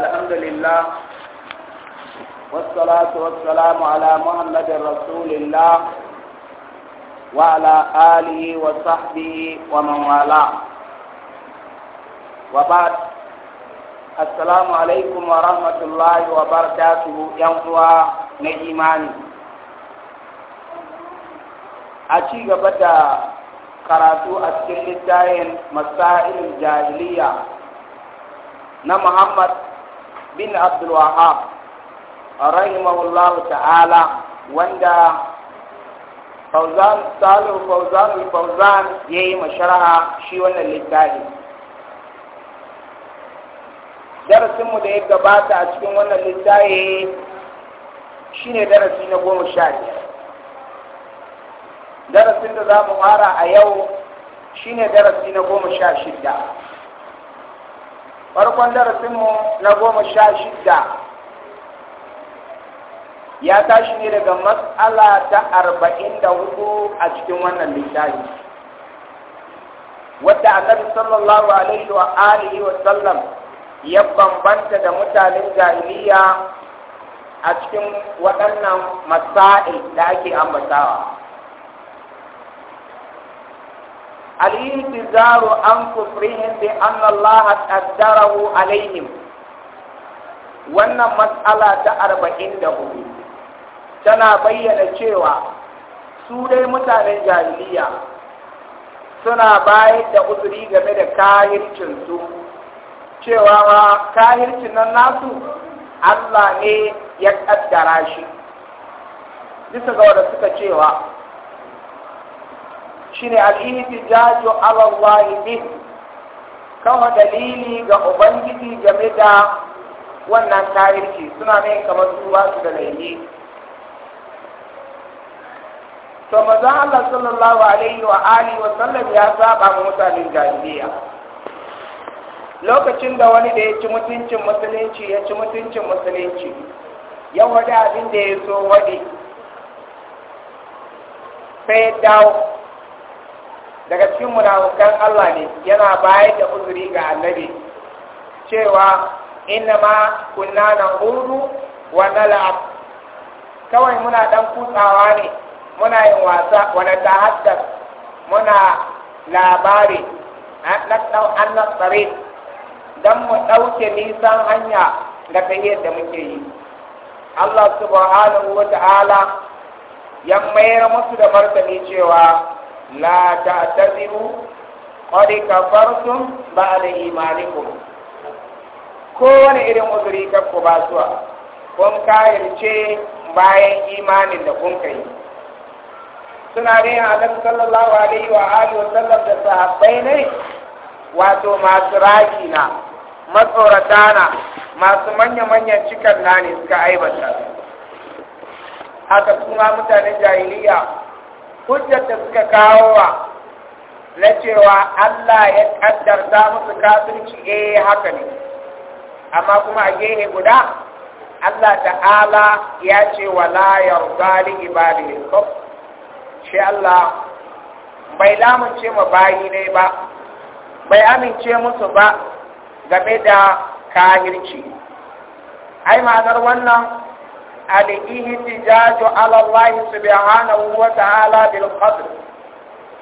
الحمد لله والصلاة والسلام على محمد رسول الله وعلى آله وصحبه ومن والاه وبعد السلام عليكم ورحمة الله وبركاته يوم نجيماني أشيء بدأ karatu a cikin littayin masailin jahiliya na Muhammad bin Abdul Wahab rahimahullahu ta'ala wanda Fauzan Salihu Fauzan Fauzan yayi masharaha shi wannan littafi darasinmu da ya gabata a cikin wannan littafi shine darasi na goma sha biyar darasin da za mu fara a yau shine darasi na goma sha shida farkon darasinmu na goma sha shida ya tashi ne daga matsala ta arba'in da hudu a cikin wannan littafi wadda annabi sallallahu alaihi wa alihi wa sallam ya bambanta da mutanen jahiliya a cikin waɗannan masa'il da ake ambatawa an an كفرهم بأن Allah قدره alaihim wannan matsala ta arba'in da hudu tana bayyana cewa su dai mutanen jahiliya suna bayar da uzuri game da kahircinsu cewa ma kahircin nan nasu Allah ne ya kaddara shi bisa ga wanda suka cewa shine al-ihtijaju ala Allah bih kawo dalili ga ubangiji game da wannan tarihi suna mai kamar zuwa su da laifi to maza Allah sallallahu alaihi wa alihi wa sallam ya saba mu mutanen jahiliya lokacin da wani da ya ci mutuncin musulunci ya ci mutuncin musulunci ya wani abin da ya so wani. sai ya dawo daga cikin munafukan Allah ne yana bayar da uzuri ga annabi cewa inna ma kunna na hudu wa nala'ab kawai muna ɗan kutsawa ne muna yin wasa wa natahaddar muna labari an nasare dan mu dauke nisan hanya da kayyar da muke yi Allah subhanahu wa ta'ala ya mayar musu da martani cewa la ta'taziru qad kafartum ba'da Ko wani irin uzuri ka ku ba suwa kun kayarce bayan imanin da kun kai suna ne annabi sallallahu alaihi wa alihi wa sallam da sahabbai ne wato masu raki na matsorata na masu manya-manyan cikan na ne suka aibata haka kuma mutanen jahiliya hujjar da suka kawo wa na cewa Allah ya kaddarta musu kafirci eh haka ne amma kuma a gehe guda Allah ta'ala ya ce wa la yarda li ibadihi shi Allah bai lamunce mu bayi ne ba bai amince musu ba game da kahirci ai ma'anar wannan al-ihtijaj ala Allah subhanahu wa ta'ala bil qadr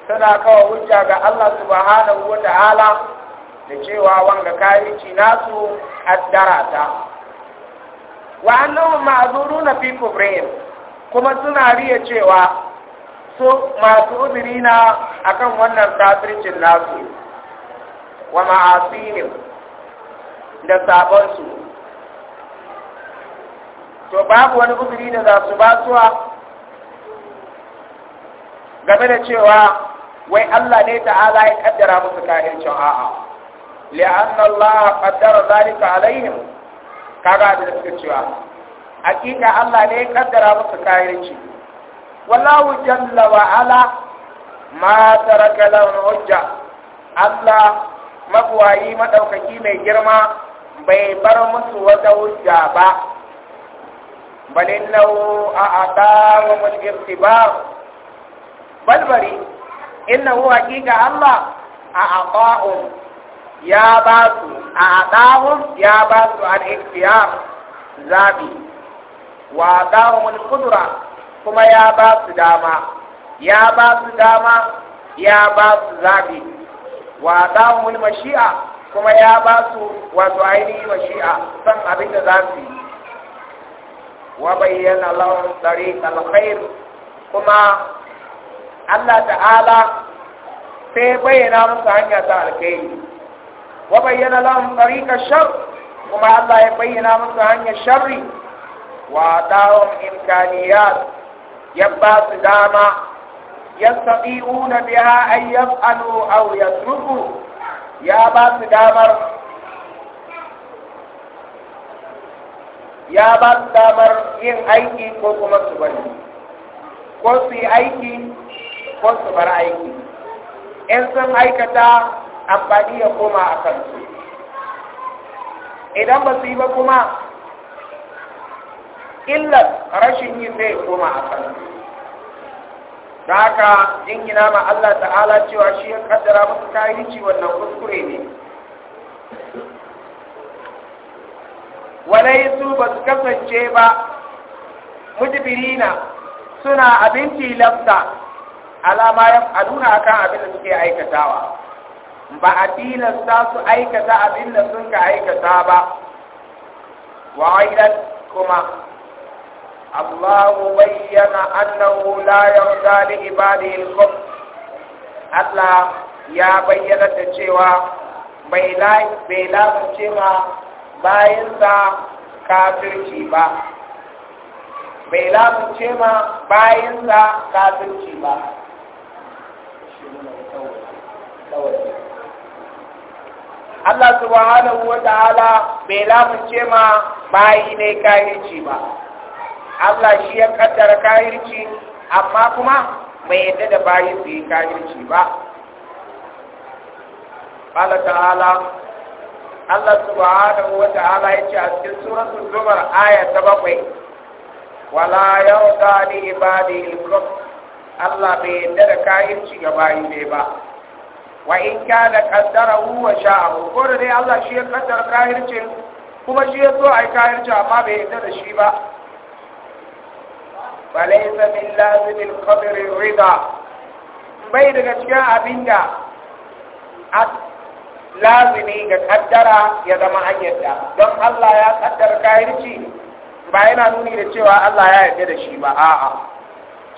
suna kawo hujja ga Allah subhanahu wa ta'ala da cewa wanga kayyaci nasu addara ta wa annahum ma'zuruna fi brain kuma suna riya cewa su masu na akan wannan kafircin nasu wa ma'asihim da sabonsu to babu wani uzuri da za su basuwa game da cewa wai Allah ne ta'ala ya kaddara musu cin? a'a li'anna Allah qaddara zalika alaihim kaga da suka cewa hakika Allah ne ya kaddara musu cin. wallahu jalla wa ala ma taraka lahum hujja Allah mabuwayi madaukaki mai girma bai bar musu wata hujja ba balinnau a ata wa mulkir tibar balbari inna huwa kika allah a aqaum ya basu a aqaum ya basu an ikhtiya zabi wa kudura kuma ya basu dama ya basu dama ya basu zabi wa dawo mun kuma ya basu wato ainihin mashi'a san abin da zasu yi وبين لهم طريق الخير كما الله تعالى sai bayyana musu hanya ta alkhairi wa bayyana lahum tariqa shar kuma Allah ya bayyana musu hanya sharri wa ta'um imkaniyat ya ba su dama yastati'una biha an yaf'alu ya ba su damar ya ba su damar yin aiki ko kuma su bari ko su yi aiki ko su bar aiki in sun aikata amfani ya koma a kansu idan ba su yi ba kuma illar rashin yin zai koma a kansu da haka jingina ma Allah ta'ala cewa shi ya kaddara musu kayanci wannan kuskure ne walaisu ba su kasance ba mujibirina suna abinci lafta alama ya aluna akan abin da suke aikatawa ba a tilasta su aikata abin da sun ka aikata ba wa aidan kuma Allahu! bayyana annahu la yarda li ibadihi al Allah ya bayyana da cewa bai la bai ma sa kafirci ba bai ce ma sa kafirci ba Allah subhanahu wa ta'ala bai ce ma bayi ne kahirci ba Allah shi ya kaddara kahirci amma kuma bai yadda da bayi su yi kahirci ba Allah ta'ala Allah subhanahu wa ta'ala ya ce a cikin suratul zumar aya ta bakwai wala yarda li ibadi al-kufr Allah bai yarda da kayan ci gaba ne ba wa in ka kana qaddarahu wa sha'ahu ko da dai Allah shi ya kaddara kahircin kuma shi ya so ai kahirci amma bai yarda da shi ba walaysa min lazimil qadri rida bai daga cikin abinda lazini ga kaddara ya zama an don Allah ya kaddara kayarci ba yana nuni da cewa Allah ya yarda da shi ba a'a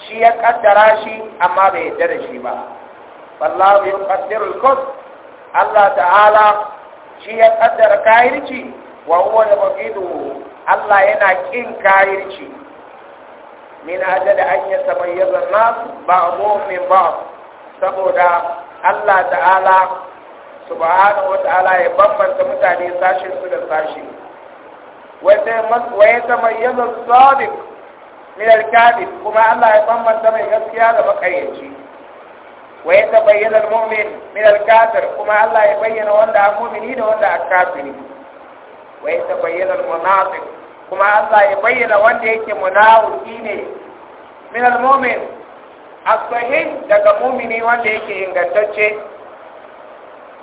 shi ya kaddara shi amma bai yarda da shi ba wallahu yuqaddirul kun Allah ta'ala shi ya kaddara kayarci wa huwa al-qadiru Allah yana kin kayarci min ajada an yatamayyaza nas ba'dhum min ba'd saboda Allah ta'ala subhanahu wa ta'ala ya bambanta mutane sashin su da sashi wa ya tamayyaza sadiq min al-kadhib kuma Allah ya bambanta mai gaskiya da makayyaci waye ta bayyana mumin min al-kafir kuma Allah ya bayyana wanda a mu'mini da wanda a kafiri waye ta bayyana al-munafiq kuma Allah ya bayyana wanda yake munafiki ne min al-mu'min as daga mu'mini wanda yake ingantacce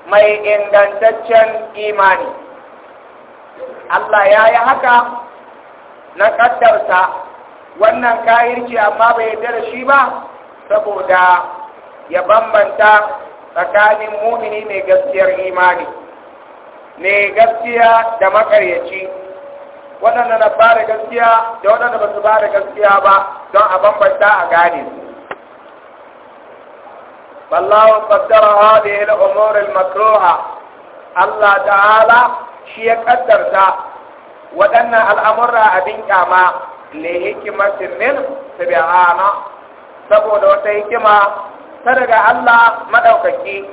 mai ingantaccen imani Allah ya yi haka na ƙaddarsa wannan kayirci amma bai yarda da shi ba saboda ya bambanta tsakanin mumini mai gaskiyar imani mai gaskiya da makaryaci waɗanda na ba da gaskiya da waɗanda ba su ba da gaskiya ba don a bambanta a gane su فالله قدر هذه الأمور المكروهة الله تعالى شيء قدرتا وأن الأمر أبين كما لحكمة منه سبحانه saboda wata hikima ta daga Allah madaukaki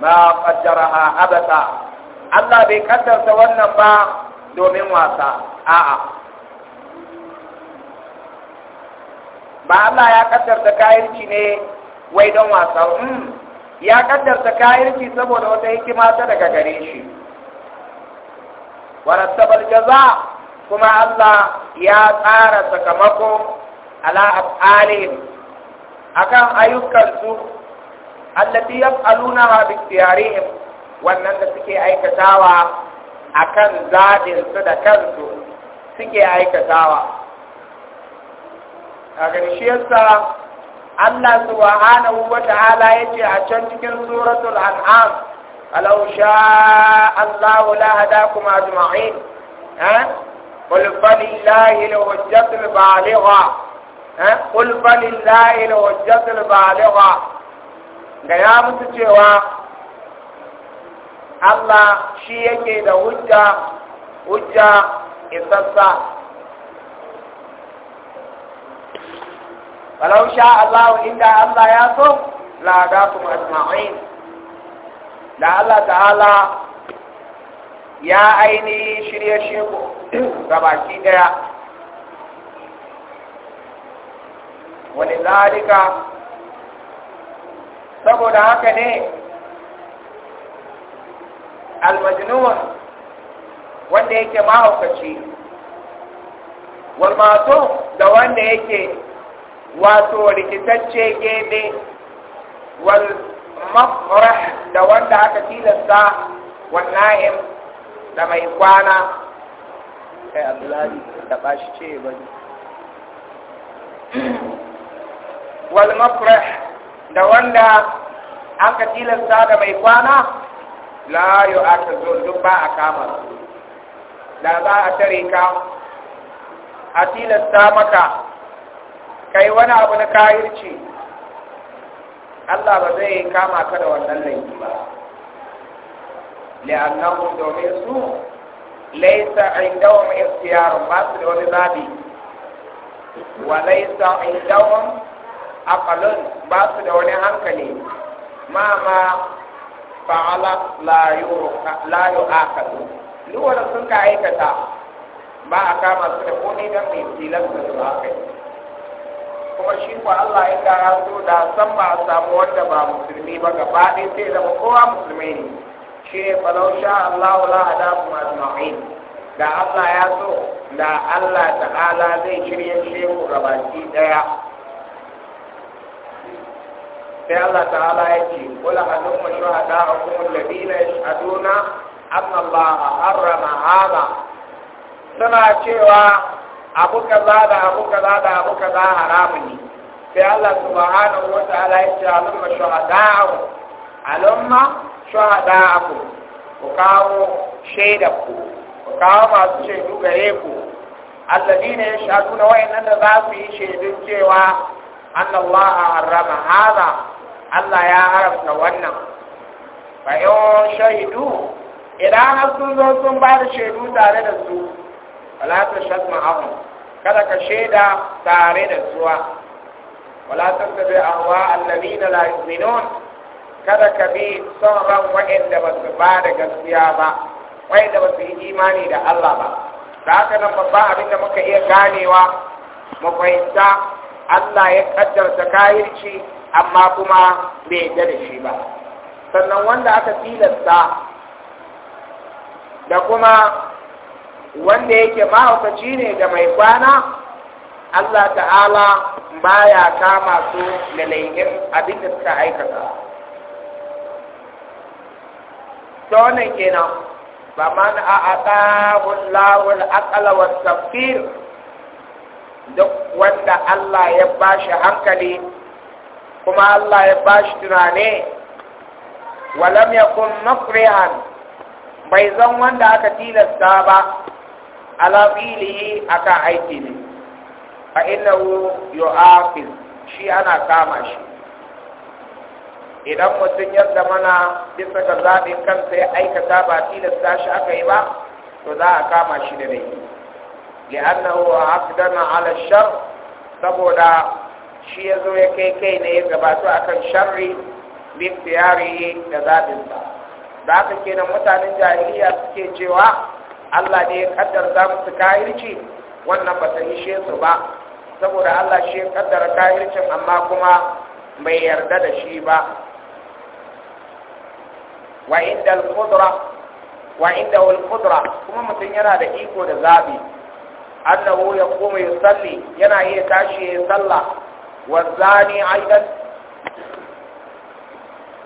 ma qaddaraha abata Allah bai ƙaddarta wannan ba domin wasa a'a ba Allah ya kaddarta kayirci ne wai don wasan wasa hmm, ya kaddarta kayirci saboda wata hikima ta daga gare shi warattabal jaza kuma Allah ya tsara sakamako ala af'alihim akan ayyukan su allati yaf'alunaha bi ikhtiyarihim wannan da suke aikatawa akan zadin su da kansu suke aikatawa a ƙarshe yasa Allah subhanahu wa ta'ala yace a can cikin suratul an'am alau sha Allah la hadakum ajma'in eh qul falillahi al-hujjatul baligha eh qul falillahi al-hujjatul baligha ga ya mutu cewa Allah shi yake da hujja hujja isassa falau sha Allah inda Allah ya so la da kuma asma'in da Allah ta'ala ya ainihi shirye shi ku gabaki daya wani zalika saboda haka ne almajnun wanda yake mahaukaci walmato da wanda yake wato rikitacce gede wal mafrah da wanda aka tilasta wannan da mai kwana kai abdullahi da bashi ce bane wal mafrah da wanda aka tilasta da mai kwana la yu aka zo duk ba a kama da za a tare ka a tilasta maka kai wani abu na kayirci Allah ba zai kama ka da wannan laifi ba li'annahu domin su laysa indahum ikhtiyar ba su da wani zabi wa laysa a aqalun ba su da wani hankali ma ma fa'ala la yu'aka la yu'aka duk wanda sun ka aikata ba a kama su da komai don mai tilasta da su aka kai kuma shi ko Allah ya kara so da san ba a samu wanda ba musulmi ba gaba ɗaya sai zama kowa musulmi ne shi ne falau sha Allah wala hada kuma ajma'in da Allah ya so da Allah ta'ala zai shirye shi ku gabaki ɗaya sai Allah ta'ala ya ce a hadum shuhada akum a yashhaduna anna Allah harrama hada suna cewa abu kaza da abu kaza da abu kaza haramun ne sai Allah subhanahu wa ta'ala ya ce alumma shuhada'u alumma shuhada'u ku kawo shaida ku ku kawo masu shaidu gare ku alladina na wa'annan da za su yi shaidun cewa annallaha harrama hada Allah ya haramta wannan fa yau shaidu idan sun zo sun ba da shaidu tare da su wala ta shasma ahu kada ka shaida tare da zuwa wala ta tabi ahwa allazina la yu'minun kada ka bi son ran wa'anda ba su ba da gaskiya ba wa'anda ba su yi imani da Allah ba da haka nan babba abin da muka iya ganewa mu fahimta Allah ya kaddarta kayirci amma kuma bai yarda da shi ba sannan wanda aka tilasta da kuma wanda yake mahaukaci ne da mai kwana Allah ta'ala ba ya kama su da laihin abin da suka aikata ta wannan kenan ba man a aqabul lawul aqala was duk wanda Allah ya bashi hankali kuma Allah ya bashi tunane walam Kun mukrihan bai zan wanda aka tilasta ba ala fi'lihi aka aiki ne fa innahu yu'aqiz shi ana kama shi idan mutum ya mana bisa ga zaɓin kansa ya aikata ba tilasta shi aka yi ba to za a kama shi da laifi li'annahu aqdama 'ala shar saboda shi yazo ya kai kai ne ya gabato akan sharri min tiyari da zaɓinsa da haka kenan mutanen jahiliya suke cewa Allah ne ya kaddara su kahirci wannan ba ta ishe su ba saboda Allah shi ya kaddara kahircin amma kuma bai yarda da shi ba wa inda al-qudra wa inda al-qudra kuma mutum yana da iko da zabi annahu yaqumu yusalli yana iya tashi ya salla wa zani aidan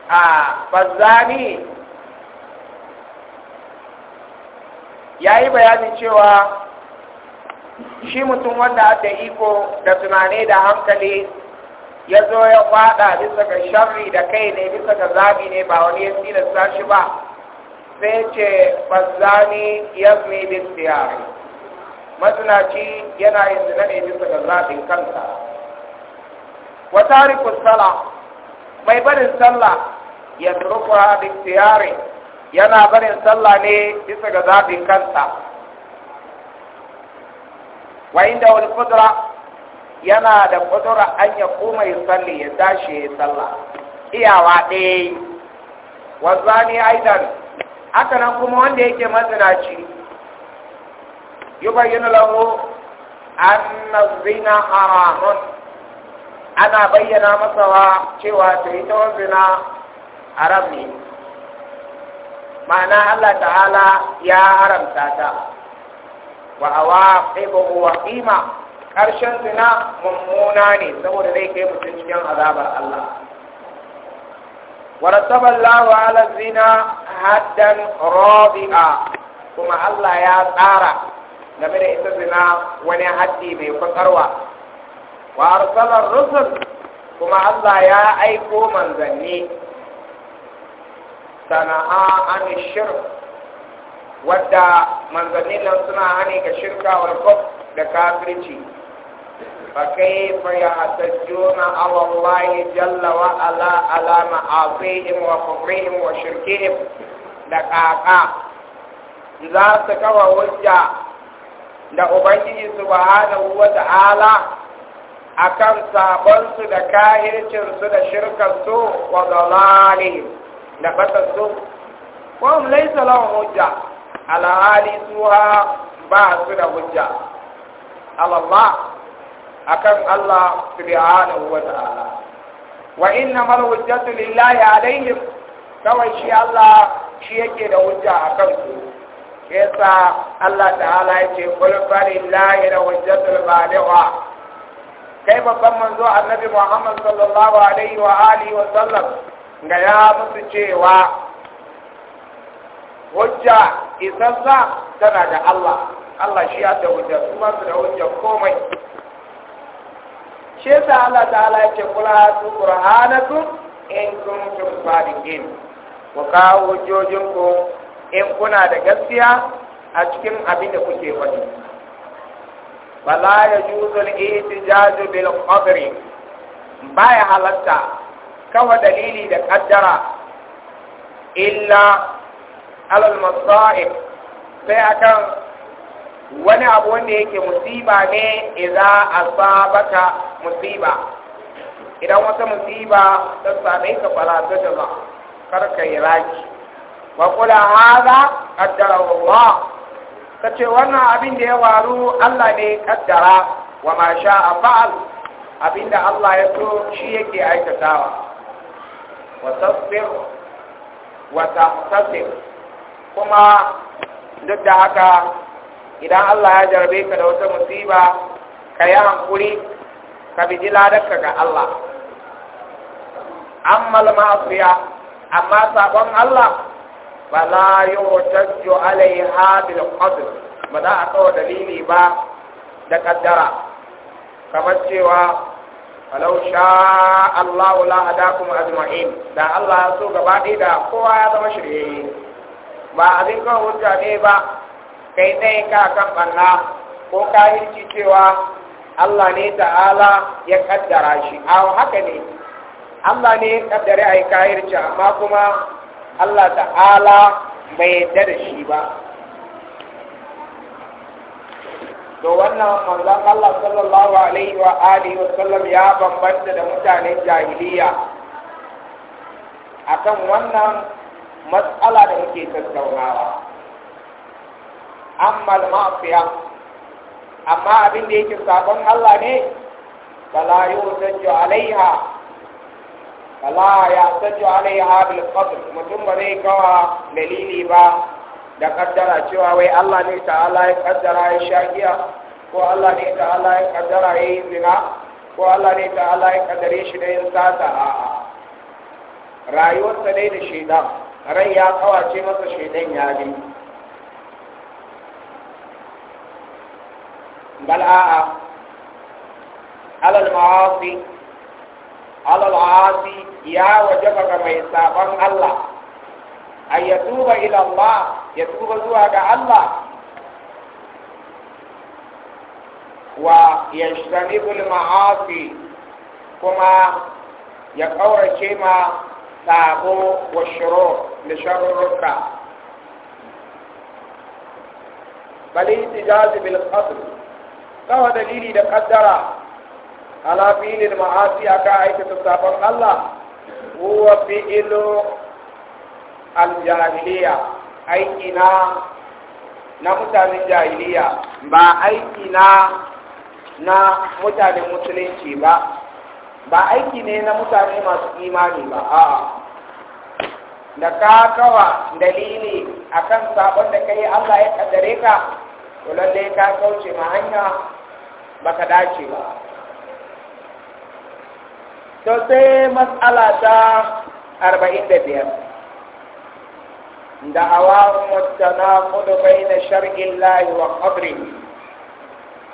a bazani ya yi bayanin cewa shi mutum wanda aka iko da tunani da hankali ya zo ya fada bisa ga sharri da kai ne bisa ga zabi ne ba wani ya da shi ba sai ce bazzani yazmi bin siyari matunaci yana yin zina bisa ga zabin kansa wata tariku sallah mai barin sallah ya turkuwa bin yana barin sallah ne bisa ga zaɓin kansa wa inda wani kudura yana da kudura an ya kuma yi salli ya tashi ya sallah iyawa ɗaya wanzani aidan haka nan kuma wanda yake mazinaci yi bayyana lahu anna zina haramun ana bayyana masa cewa ta yi ta wanzina haram ne ma'ana Allah ta'ala ya haramta ta wa awa qibu wa qima karshen zina mummuna ne saboda zai kai mutum cikin azabar Allah wa rattaba ala zina haddan radi'a kuma Allah ya tsara game da ita zina wani haddi mai kwatsarwa wa arsala rusul kuma Allah ya aiko manzanni sana'a Ani shirk wadda manzannin nan suna hane ka shirka wal da kafirci fa kayfa yahtajuna ala Allah jalla wa ala ala ma'asihim wa kufrihim wa shirkihim da ƙaƙa za su kawa hujja da ubangiji subhanahu wa ta'ala akan sabonsu da kahircinsu da shirkarsu wa zalalihim na batattu wa hum laysa lahum hujja ala hali ba su da hujja Allah akan Allah subhanahu wa ta'ala wa innamal hujjatu lillahi alaihim kawai shi Allah shi yake da hujja a kansu yasa Allah ta'ala yake qul falillahi la hujjatul baligha kai babban manzo annabi Muhammad sallallahu alaihi wa alihi wa sallam ga ya musu cewa hujja isassa tana da Allah Allah shi ya da hujja su masu da hujja komai shi yasa Allah ta'ala yake kula su qur'anatu in kuntum sadiqin ku kawo hujjojinku in kuna da gaskiya a cikin abin da kuke faɗi wala yajuzu al-ihtijaj bil qadri baya halatta kawa dalili da kaddara illa alal masa'ib sai akan wani abu wanda yake musiba ne idza asabaka musiba idan wata musiba ta same ka fara ta jama kar ka yi raki wa kula hada qaddara Allah kace wannan abin da ya waru Allah ne kaddara wa ma a fa'al abinda Allah ya so shi yake aikatawa wasassir wasassir kuma duk da haka idan Allah ya jarabe ka da wata musiba ka yi hankuri ka biji ladarka ga Allah ammal ma'asiya amma sabon Allah ba la yi hutajjo alaiha bil qadr ba za a kawo dalili ba da kaddara kamar cewa falau sha Allahu la hadakum ajma'in da Allah so gaba da kowa ya zama shirye. ba abin kan hujja ne ba kai ne ka kan banna ko ka yi cewa Allah ne ta'ala ya kaddara shi a haka ne Allah ne ya kaddare a yi amma kuma Allah ta'ala bai yarda da shi ba to wannan manzon Allah sallallahu alaihi wa alihi wa sallam ya bambanta da mutanen jahiliya akan wannan matsala da muke tattaunawa amma al mafiya amma abin da yake sabon Allah ne fala yusajju alaiha ya yasajju alaiha bil qadr mutum ba zai kawa dalili ba da kaddara cewa wai Allah ne ta'ala ya kaddara ya sha ko Allah ne ta'ala ya kaddara ya yi zina ko Allah ne ta'ala ya kaddare shi da yin sata a a rayuwarsa dai da shaidan rai ya kawace masa shaidan ya bi bal a a alal ma'asi alal asi ya wajaba ga mai saban Allah ayyatuba ila Allah يتوب زواك الله ويجتنب المعاصي كما يقول كما تابو وشرو لشر الركع بل احتجاج بالقدر فهو دليل اذا قدر على بين المعاصي اكايت تتابع الله هو فعل الجاهليه aiki na na mutanen jahiliya ba aiki na na mutanen musulunci ba ba aiki ne na mutane masu imani ba a da ka kawa dalili akan sabon da kai Allah ya kaddare ka to ya ka kauce ma hanya ba ka dace ba to sai matsala ta biyar. دعواهم na بين شرع الله وقدره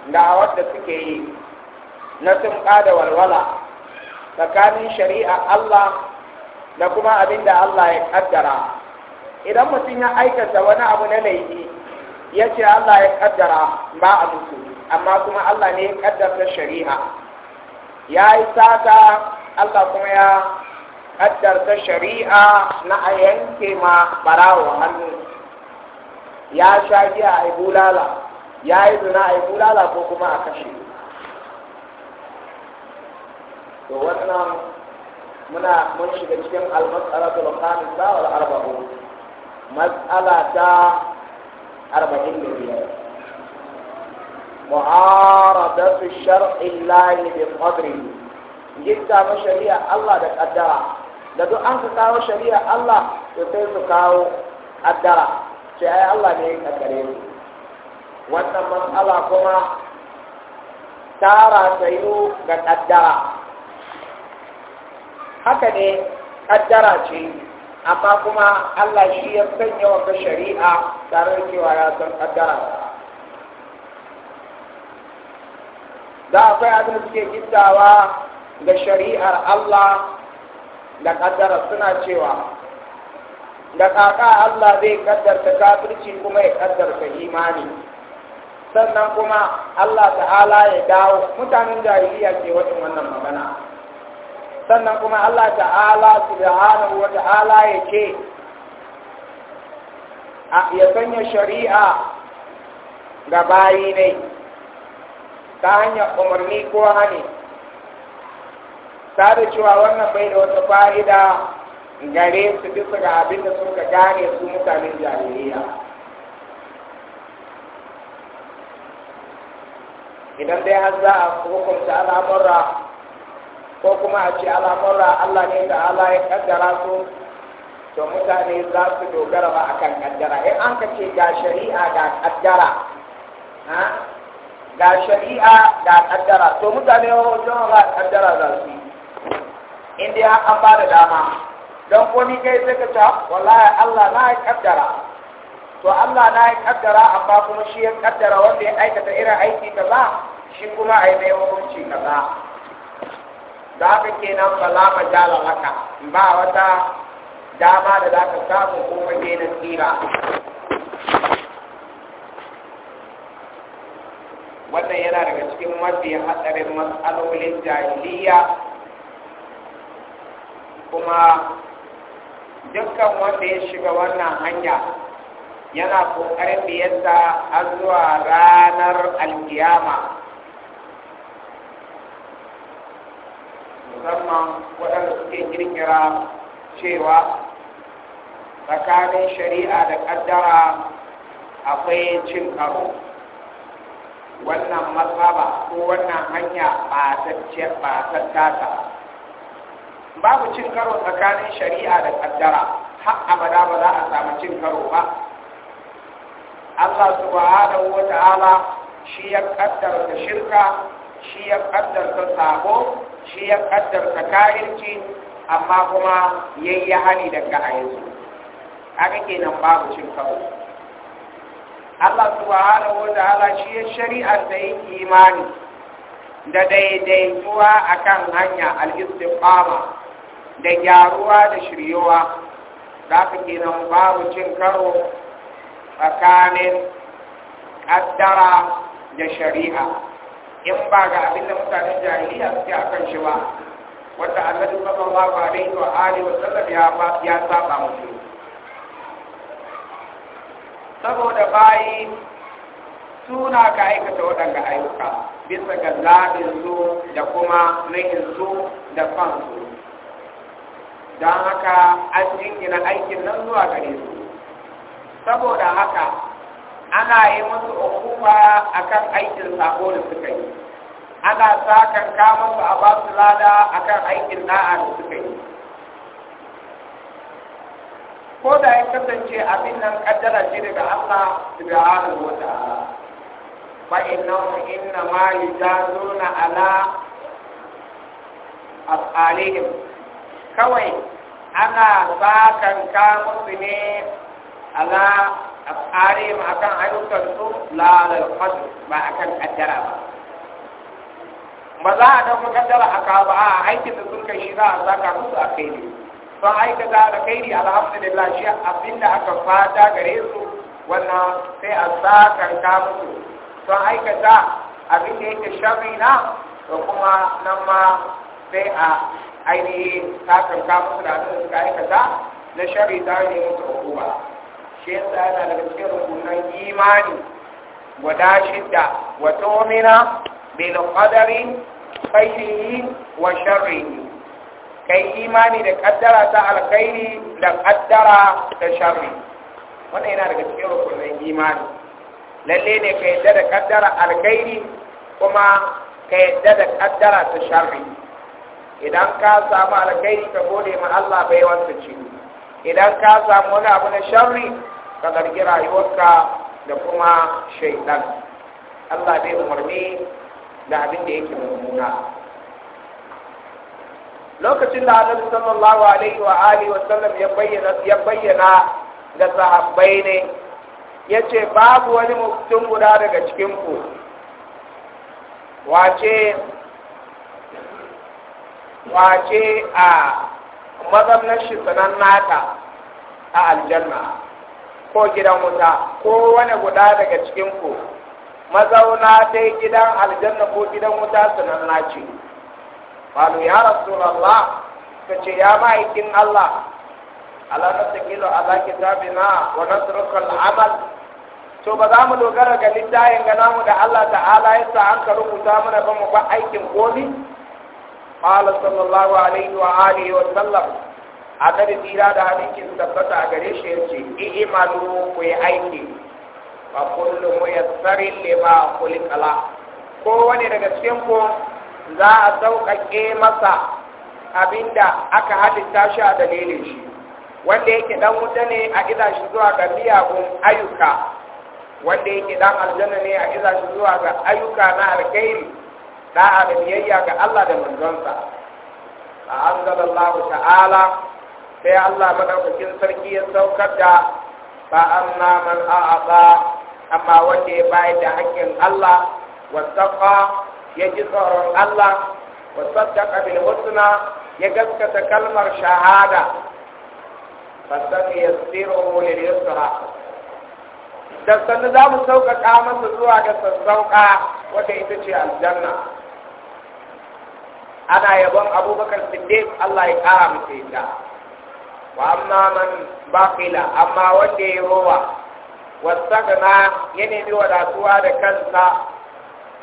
دعوات da suke yi na tumka da walwala tsakanin shari'a Allah da kuma abin da Allah ya kaddara idan mutum ya aikata wani abu na laifi ya ce Allah ya ƙaddara ba a amma kuma Allah ne ya kaddara shari'a ya yi sata Allah kuma ya قدر ته شريعه نه عين کې ما براو هم يا شاجي اي بولالا يا اي دنا اي بولالا کو کوما اکشي تو وطن منا من شي د چم المساله لوقان لا ولا اربعه مساله تا اربعه دي معارضة الشرع الله بقدره جدا مشريع الله ده قدره da duk an ka kawo shari'a Allah to sai su kawo addara ce ai Allah ne ya kare mu wannan matsala kuma tara sayo ga addara. haka ne addara ce amma kuma Allah shi ya sanya wa shari'a tare da cewa ya san kaddara da akwai abin da suke gittawa ga shari'ar Allah da kaddara suna cewa da kaka Allah zai kaddarta kafirci kuma ya kaddarta imani sannan kuma Allah ta'ala ya dawo mutanen jahiliya ke wajen wannan magana sannan kuma Allah ta'ala subhanahu wata ala ya ce ya sanya shari'a ga bayi ne ta hanyar umarni ko hani ta da cewa wannan bai da wata fa'ida gare su bisa ga abin da suka gane su mutanen jahiliya idan dai har za a hukunta al’amurra ko kuma a ce al’amurra Allah ne da Allah ya kaddara su to mutane za su dogara ba a kan kaddara in an ka ce ga shari'a ga kaddara ga shari'a ga kaddara to mutane wajen ba kaddara za su yi Indiya an ba da dama don komi kai sai ka ta wallahi Allah na ya kaddara to Allah na ya kaddara amma kuma shi ya kaddara wanda ya aikata irin aiki kaza shi kuma a yi mai hukunci kaza nan haka kenan bala jala laka ba wata dama da za ka samu ko kage na tsira wannan yana daga cikin mafi hatsarin matsalolin jahiliya kuma dukkan wanda ya shiga wannan hanya yana ƙoƙarin biyarsa har zuwa ranar alkiyama musamman waɗanda suke kirkira cewa tsakanin shari'a da ƙaddara akwai cin karo wannan matsaba ko wannan hanya ba ta tata babu cin karo tsakanin shari'a da kaddara har abada ba za a samu cin karo ba Allah subhanahu wa ta'ala shi ya kaddarta shirka shi ya kaddarta sabo shi ya kaddarta kayirci amma kuma yayya hani daga ayyuka haka kenan babu cin karo Allah subhanahu wa ta'ala shi ya shari'a da imani da daidaituwa akan hanya al-istiqama da gyaruwa da shiryowa za ka kenan babu cin karo tsakanin ƙaddara da shari'a in ba ga abin da mutanen jahiliya suke a kan shi ba wanda annabi sallallahu alaihi wa alihi wa sallam ya ba ya saba musu saboda bayi suna ka aikata waɗanda ayyuka bisa ga zaɓin su da kuma rihin su da kansu don haka an jingina aikin nan zuwa gare su saboda haka ana yi musu hukuma akan aikin sako da suka yi ana sa kan kama su a basu lada akan aikin da'a da suka yi ko da ya kasance abin nan kaddara ce daga Allah subhanahu wa wata fa innahu inna ma na ala tsalihim kawai ana kan ka musu ne ala af'arim akan ayyukan su la lal qadr ba akan kaddara ba ba za a dan kaddara kawo ba a aikin da sun kai za a zaka musu a kai ne to aikata da kai ne alhamdulillah shi abinda aka fata gare su wannan sai a saka ka musu to aikata abinda yake sharri na da kuma nan ma sai a ainihin takanka musu da abin da suka aikata na shari ta ne musu hukuma shi yasa yana daga cikin rukunan imani guda shidda wa tumina bil qadari khairihi wa sharrihi kai imani da kaddara ta alkhairi da kaddara ta sharri wannan yana daga cikin rukunan imani lalle ne ka yadda da kaddara alkhairi kuma ka yadda da kaddara ta sharri idan ka samu alkhairi ka gode ma Allah bai wanta ci idan ka samu wani abu na sharri ka zargi rayuwarka da kuma shaidan Allah bai umarni da abin da yake mummuna lokacin da annabi sallallahu alaihi wa alihi wa sallam ya bayyana ya bayyana ga sahabbai ne yace babu wani mutum guda daga cikin ku wace wace a mazaunar shi sanan nata a aljanna ko gidan wuta ko wani guda daga cikinku. mazauna dai gidan aljanna ko gidan wuta sanan nace qalu ya Ka ce ya ma'aikin Allah ala nasakilu ala na wa nasruka amal to ba za mu dogara ga littayin ga namu da Allah ta'ala ya sa an ka rubuta mana ba mu ba aikin gobi qala sallallahu alaihi wa alihi wa sallam annabi tsira da hadisin tabbata a gare shi yace i'malu ku ya aiki fa kullu ba lima khuliqala ko wani daga cikin ku za a sauƙaƙe masa abinda aka halitta shi a dalilin shi wanda yake dan wuta ne a iza shi zuwa ga miyagun ayyuka wanda yake dan aljanna ne a iza shi zuwa ga ayyuka na alkhairi da'a da biyayya ga Allah da manzonsa a anzalallahu ta'ala sai Allah madaukakin sarki ya saukar da ba amma man a'ata amma wanda ya bayar da hakkin Allah wasaqa ya ji tsoron Allah wa saddaqa bil husna ya gaskata kalmar shahada fasaka yassiru lil yusra da sannu za mu sauƙaƙa masa zuwa ga sassauƙa wadda ita ce aljanna ana yabon abubakar siddiq Allah ya kara masa yadda wa amma man baqila amma wanda ya rowa wasagana ya nemi wadatuwa da kansa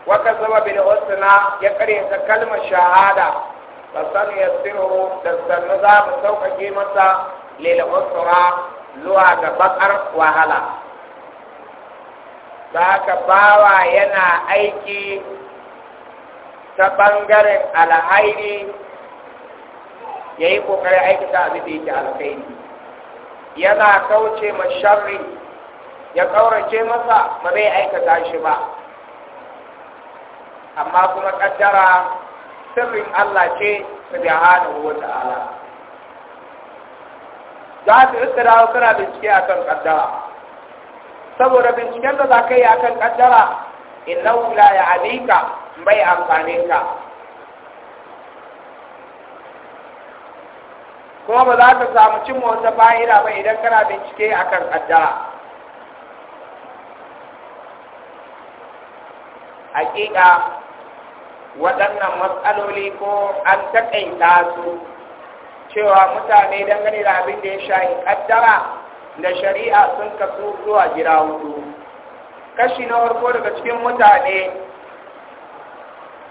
wa kasaba bil husna ya karyata kalmar shahada fa san yasiru da sannu za mu sauƙaƙe masa lil usra zuwa ga bakar wahala za ka bawa yana aiki ta ɓangaren Alhaini ya yi ƙoƙarin aikata abin da yake alkhairi yana kauce ma sharri ya ƙaurace masa ba zai aikata shi ba amma kuma ƙaddara sirrin Allah ce subhanahu wa ta'ala za su rika dawo kana bincike a kan ƙaddara saboda binciken da za ka yi a kan ƙaddara innahu la ya'alika bai amfanin ka kuma ba za ka samu cin wata fa'ida ba idan kana bincike a kan addara hakika waɗannan matsaloli ko an taƙaita su cewa mutane dangane da abin da ya shahi ƙaddara da shari'a sun kasu zuwa gida hudu kashi na farko daga cikin mutane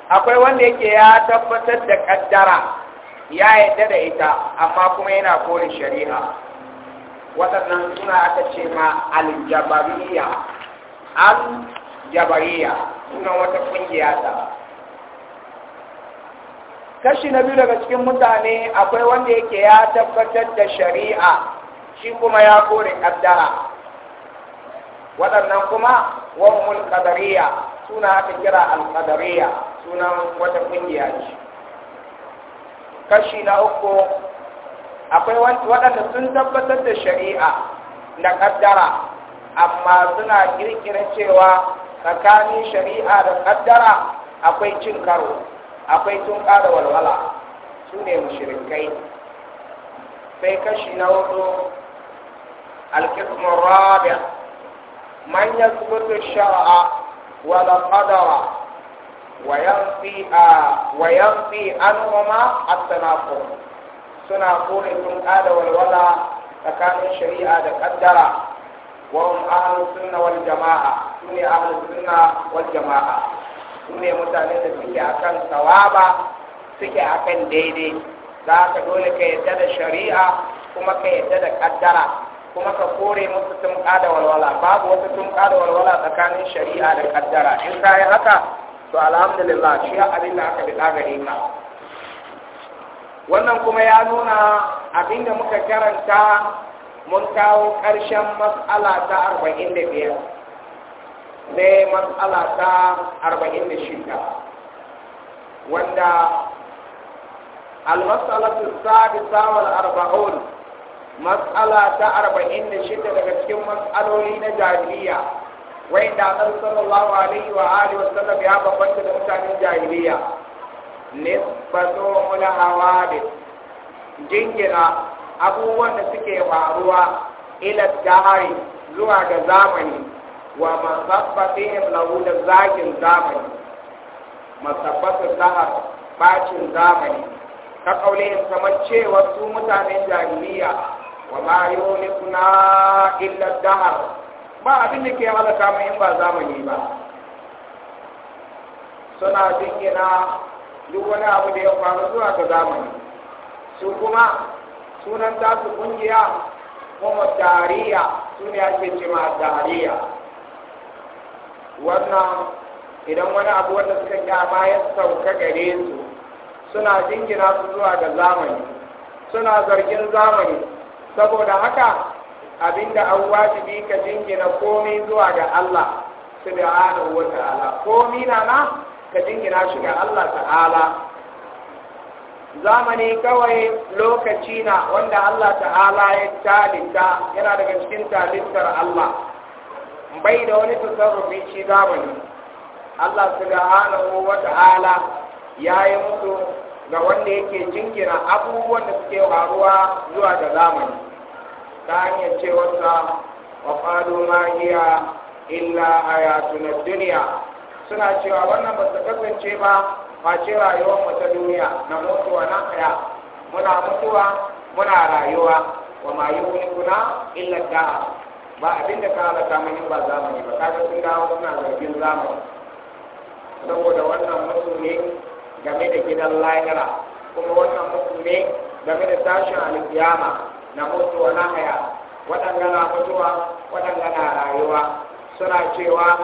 akwai wanda yake ya tabbatar da kaddara ya yadda da ita amma kuma yana kore shari'a waɗannan suna aka ce ma aljabariya aljabariya suna wata ƙungiya ta kashi na biyu daga cikin mutane akwai wanda yake ya tabbatar da shari'a shi kuma ya kore kaddara waɗannan kuma wa mulkadariya suna aka kira al sunan wata kungiya ce kashi na uku akwai waɗanda sun tabbatar da shari'a na ƙaddara amma suna ƙirƙirar cewa tsakanin shari'a da ƙaddara akwai cin karo akwai tun ƙara walwala su ne mushirikai sai kashi na hudu alkismin rabia man yasbutu wa da qadara Wayansi anoma a sanako suna kore tun ƙada walwala tsakanin shari'a da ƙaddara wawan ahusannawar jama'a ne ahunsu suna waljama'a su ne mutane da suke a kan suke a daidai za ka dole ka yarda da shari'a kuma ka yarda da ƙaddara kuma ka kore musu tun ƙada walwala babu wasu tun ƙada walwala tsakanin shari'a da ƙaddara in ka haka. to alhamdulillah shi abin da aka bida gare ka wannan kuma ya nuna abin da muka karanta mun kawo ƙarshen matsala ta arba'in da biyar sai matsala ta arba'in da shida wanda almasalatu sadisa wal arba'un matsala ta arba'in da shida daga cikin matsaloli na jahiliya wai da annabi sallallahu alaihi wa alihi wasallam ya bambanta da mutanen jahiliya nisbatu mul hawadith jingira abubuwan da suke faruwa ila dahari zuwa ga zamani wa masabbatihim lahu da zakin zamani masabbatu dahar bacin zamani ta kaule kamar cewa su mutanen jahiliya wa ma yulikuna illa dahar ba abin da ke halaka mu in ba zamani ba suna jingina duk wani abu da ya faru zuwa ga zamani su kuma sunan tasu kungiya kuma tariya su ne ake ce ma tariya wannan idan wani abu wanda suka ba ya sauka gare su suna jingina su zuwa ga zamani suna zargin zamani saboda haka abinda an wajibi ka jingina komai zuwa ga Allah subhanahu wa ta'ala komai na na ka jingina shi ga Allah ta'ala zamani kawai lokaci na wanda Allah ta'ala ya talinta yana daga cikin talintar Allah bai da wani tasarrufi ci zamani Allah subhanahu wa ta'ala ya yi mutu ga wanda yake jingina abubuwan da suke faruwa zuwa ga zamani ta hanyar cewarsa wa faɗo magiya illa a na duniya suna cewa wannan ba su kasance ba face rayuwar mu ta duniya na mutuwa na kaya muna mutuwa muna rayuwa wa ma kuna illa da'a ba abin da ka halaka mani ba zamani ba kaga sun dawo suna zargin zamani saboda wannan mutu ne game da gidan lahira kuma wannan mutu ne game da tashin alkiyama na mutuwa na haya waɗanda na mutuwa waɗanda na rayuwa suna cewa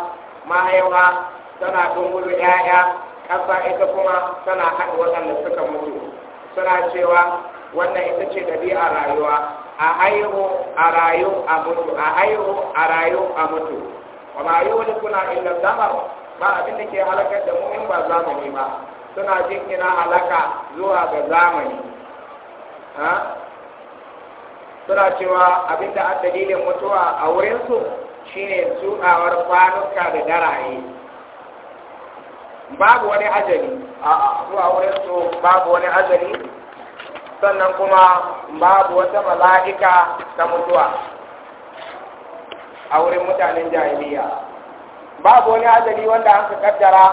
mahaifa tana dungudu 'ya'ya ƙasa ita kuma tana haɗu waɗanda suka mutu suna cewa wannan ita ce a rayuwa a haihu a rayu a mutu a haihu a rayu a mutu wa ma kuna illa zamar ba abin da ke halakar da mu ba zamani ba suna jinkina halaka zuwa ga zamani ha suna cewa abinda an dalilin mutuwa a wurinsu shine tsuɗawar kwanuka da daraye babu wani ajali a zuwa wurinsu babu wani ajali sannan kuma babu wata mala'ika ta mutuwa a wurin mutanen jahiliya babu wani ajali wanda an ka kaddara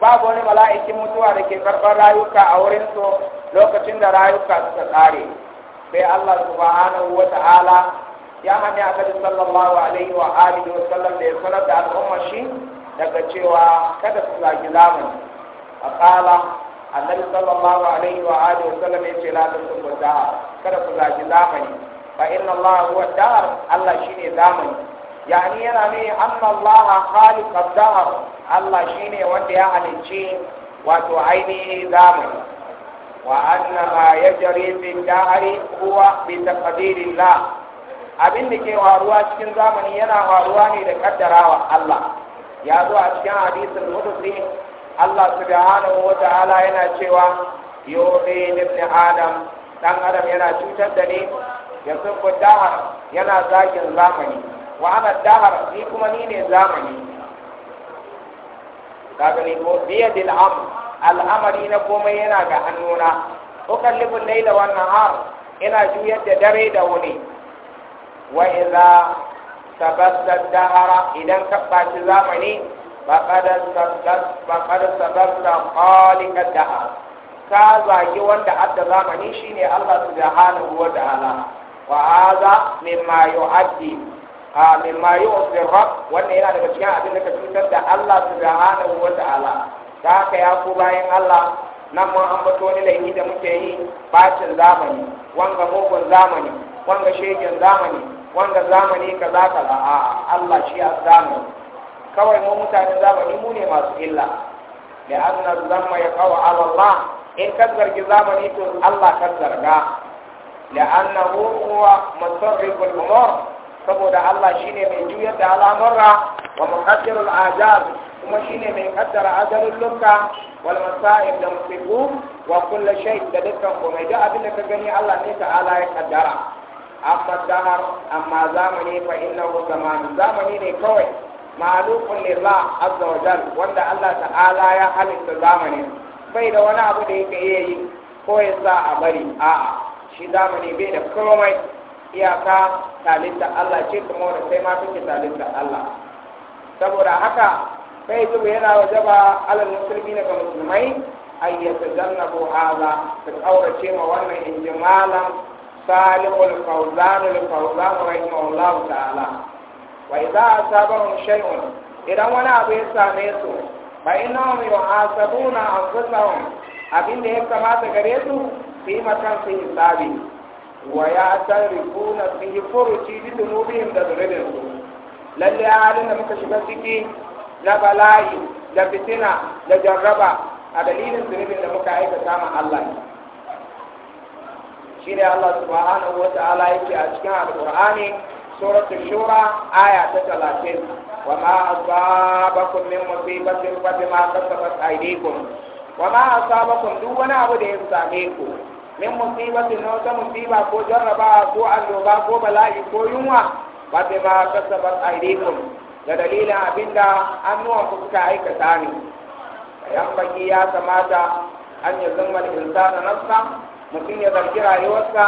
babu wani mala'ikin mutuwa da ke karɓar rayuka a wurinsu lokacin da rayuka suka tsare sai Allah subhanahu wa ta'ala ya hanya annabi sallallahu alaihi wa alihi wa sallam da ya sanar da al'ummar shi daga cewa kada su zagi zamani a kala annabi sallallahu alaihi wa alihi wa sallam ya ce la tasubbu dahar kada ku zagi zamani fa inna Allah huwa dahar Allah shine zamani yani yana ne anna Allah khaliq ad-dahr Allah shine wanda ya halicci wato ainihin zamani وأن ما يجري في الدهر هو بتقدير الله abin da ke waruwa cikin zamani yana waruwa ne da kaddarawa Allah ya zo a cikin hadisin mutusi Allah subhanahu wa ta'ala yana cewa yu'min ibn adam dan adam yana cutar da ni ya sufu dahar yana zakin zamani wa ana dahar ni kuma ni ne zamani kaga ni ko biyadil amr al'amari na komai yana ga hannuna ukallibul laila wannan nahar ina juyar da dare da wuni wa iza tabassad dahara idan ka baci zamani faqad sabbat faqad sabbatta dahar ka zagi wanda adda zamani shine Allah subhanahu wa ta'ala wa aza mimma yu'addi a mimma yu'addi rabb wannan yana daga cikin abin da ka cutar da Allah subhanahu wa ta'ala da haka ya ku bayan Allah nan mun ambato wani laifi da muke yi bacin zamani wanga mugun zamani wanga shegen zamani wanga zamani ka za ka a'a Allah shi ya zamani kawai mu mutane zamani mu ne masu illa da anna zamma ya kawo Allah in ka zargi zamani to Allah ka zarga لأنه هو مصرف umur saboda Allah shine mai juyar da al'amurra wa muqaddirul ajab kuma shine mai kaddara ajalin lukka wal masa'ib da musibu wa kullu shay da dukkan komai duk abin da ka gani Allah ne ta'ala ya kaddara amma dahar amma zamani fa innahu zaman zamani ne kawai ma'lukun lillah azza wa wanda Allah ta'ala ya halitta zamani bai da wani abu da yake iya yi ko ya sa a bari a'a shi zamani bai da komai iyaka talinta Allah ce kuma wanda sai ma kake talinta Allah saboda haka Kai zuba yana wajaba alal musulmi na ga musulmai ay yatajannabu hadha ta kaurace ma wannan injimalan salihul fawzan al fawzan rahimahullah ta'ala wa idza asabahum shay'un idan wani abu ya same su fa innahum yuhasabuna anfusahum abinda ya kamata gare su su yi makan su hisabi wa ya tarifuna su yi furuci bi dunubihim da zurubin su lalle halin da muka shiga ciki na bala'i da fitina da jarraba a dalilin zunubin da muka aikata ma Allah shi ne Allah subhanahu wa ta'ala yake a cikin alqur'ani suratul shura aya ta talatin wa ma asabakum min musibatin fa bima kasabat aydikum wa ma asabakum duk wani abu da ya same ku min musibatin na wata musiba ko jarrabawa ko annoba ko bala'i ko yunwa fa bima kasabat aydikum da dalilin abinda annuwan ku suka aikata ne yan baki ya kamata an yi zumar insana nafsa mutum ya zargi rayuwarsa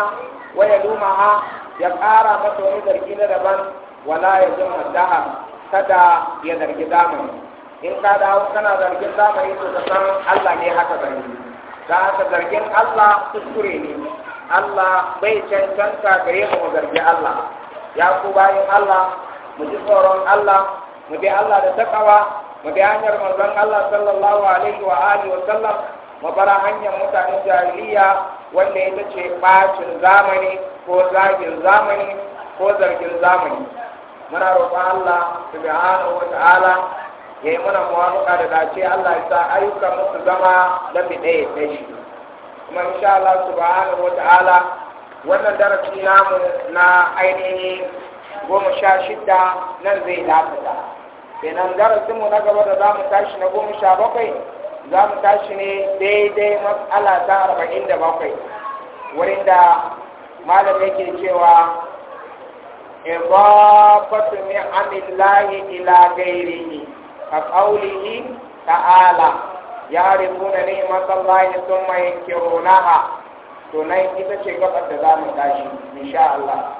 waya lumaha ya ƙara masa wani zargi na daban wala ya zumar daha kada ya zargi zamani in ka dawo kana zargin zamani to ka san Allah ne haka zargi da haka zargin Allah kuskure ne Allah bai cancanta gare mu zargi Allah ya ku bayan Allah mu ji tsoron Allah mu bi Allah da takawa mu bi hanyar manzon Allah sallallahu alaihi wa alihi wa sallam mu bara hanyar mutanen jahiliya wanda ita ce bacin zamani ko zagin zamani ko zargin zamani muna roƙon Allah subhanahu wa ta'ala ya yi mana muwafuka da dace Allah ya sa ayyukan musu zama da ɗaya ta shi kuma insha Allah subhanahu wa ta'ala wannan darasi namu na ainihin goma sha shida nan zai lafita darasin mu na gaba da za mu tashi na goma sha bakwai za mu tashi ne daidai matsala ta arba'in da bakwai wurin da malam yake cewa Ibabatu ni amillahi ila gairihi a ƙaulihi ta'ala ya rifu na ne matsalai sun mai kirunaha to nan ita ce gabar da za mu tashi insha'Allah.